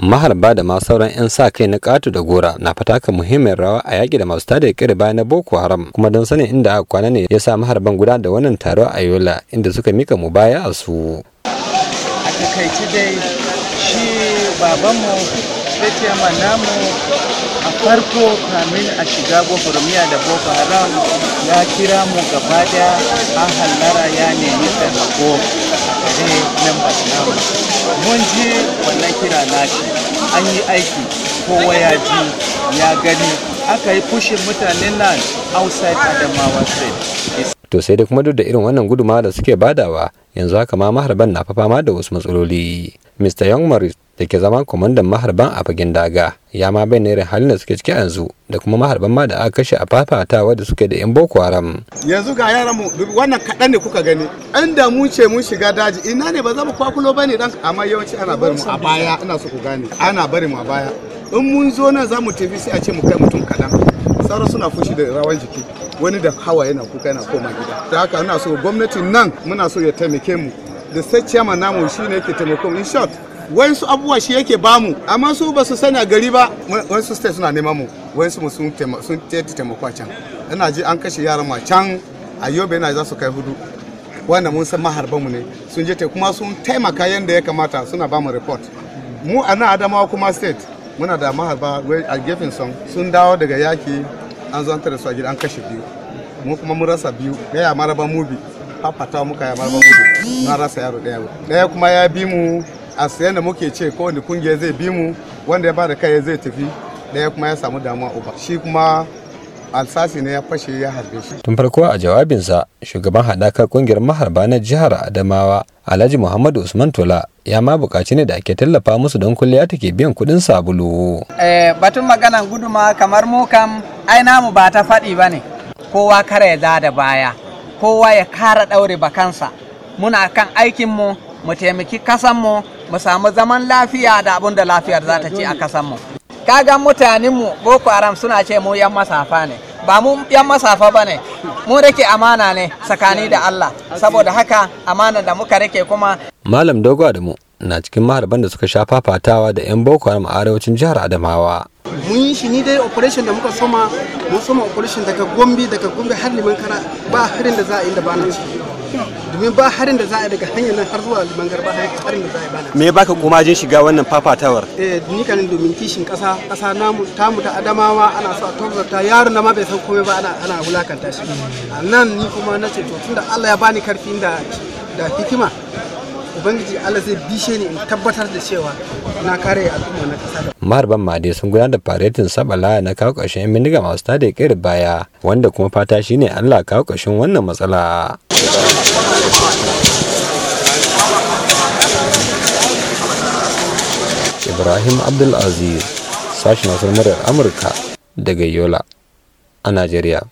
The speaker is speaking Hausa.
maharba da ma sauran 'yan sa kai na katu da gora na fataka muhimmiyar rawa a yaƙi da masu tada kiri baya na boko haram kuma don sanin inda aka kwana ne ya sa maharban guda da wannan taro a yola inda suka mika mu baya a su a takaice dai shi babanmu ya namu a farko kamin a shiga gwagwarmiya da boko haram ya kira mu gaba da an hallara ya nemi taimako je members namu mun je wannan kira nashi an yi aiki kowa ya ji ya gani aka yi fushin mutanen nan outside adamawa state to sai dai kuma duk da irin wannan guduma da suke badawa yanzu haka ma maharban na fama da wasu matsaloli mr young maris da ke zama kwamandan maharban a fagen daga ya ma bai irin halin da suke ciki yanzu da kuma maharban ma da aka kashe a fafatawa da suke da yan boko haram yanzu ga yaran mu wannan kaɗan ne kuka gani an da mu ce mun shiga daji ina ne ba za mu kwakulo bane dan amma yawanci ana bari mu a baya ina so ku gane ana bari mu a baya in mun zo nan za mu tafi sai a ce mu kai mutum kaɗan sauran suna fushi da rawan jiki wani da hawa yana kuka yana koma gida da haka ina so gwamnatin nan muna so ya taimake mu da sai ciyaman namu shine ke taimakon in short su abubuwa shi yake bamu amma su ba su a gari ba su state suna neman mu wayansu sun sun taimako can ina ji an kashe yaran ma can a yobe na za su kai hudu wanda mun san mu ne sun je kuma sun taimaka yadda ya kamata suna bamu report mu a nan adamawa kuma state muna da maharba a gefen son sun dawo daga yaki an zo an tare su a gida an kashe biyu mu kuma mun rasa biyu ya maraba mubi fafata muka ya maraba mubi na rasa yaro ɗaya ɗaya kuma ya bi mu a sayan da muke ce ko wani kungiya zai bi mu wanda ya bada kai zai tafi ya kuma ya samu damuwa uba shi kuma alsasi ne ya fashe ya harbe shi tun farko a jawabinsa shugaban haɗakar kungiyar maharba na jihar adamawa alhaji muhammadu usman tola ya ma buƙaci ne da ake tallafa musu don kulliya take biyan kuɗin sabulu eh, batun maganan guduma kamar mu kam ai namu ba ta faɗi ba ne kowa kare ya da baya kowa ya kara ɗaure bakansa muna kan aikinmu mu taimaki kasanmu mu samu zaman lafiya da abin da lafiyar za ta ci a kasanmu kaga mutanenmu boko haram suna ce mu yan masafa ne ba mu yan masafa ba ne mu rake amana ne tsakani da allah saboda haka amana da muka rake kuma malam dogo adamu na cikin maharban da suka sha fafatawa da 'yan boko haram a arewacin jihar adamawa mun yi shi ni dai operation da muka soma mun soma operation daga gombe daga gombe har liman kara ba harin da za a yi da ba na ciki domin ba harin da za a daga hanyar nan har zuwa ba harin da za a yi bana me ya baka shiga wannan fafatawar eh ni kanin domin kishin kasa kasa namu tamu ta adamawa ana so a tabbata yaro na ma bai san komai ba ana ana wulakanta shi nan ni kuma na ce to tunda Allah ya bani karfin da da hikima ubangiji Allah zai bishe ni in tabbatar da cewa na kare al'umma na kasa da maharban made sun gudanar da faretin sabala na kawo ƙarshen yan bindiga masu tada ya baya wanda kuma fata shine Allah kawo ƙarshen wannan matsala Ibrahim Abdulaziz, sashen Hausa murar Amurka daga Yola a Najeriya.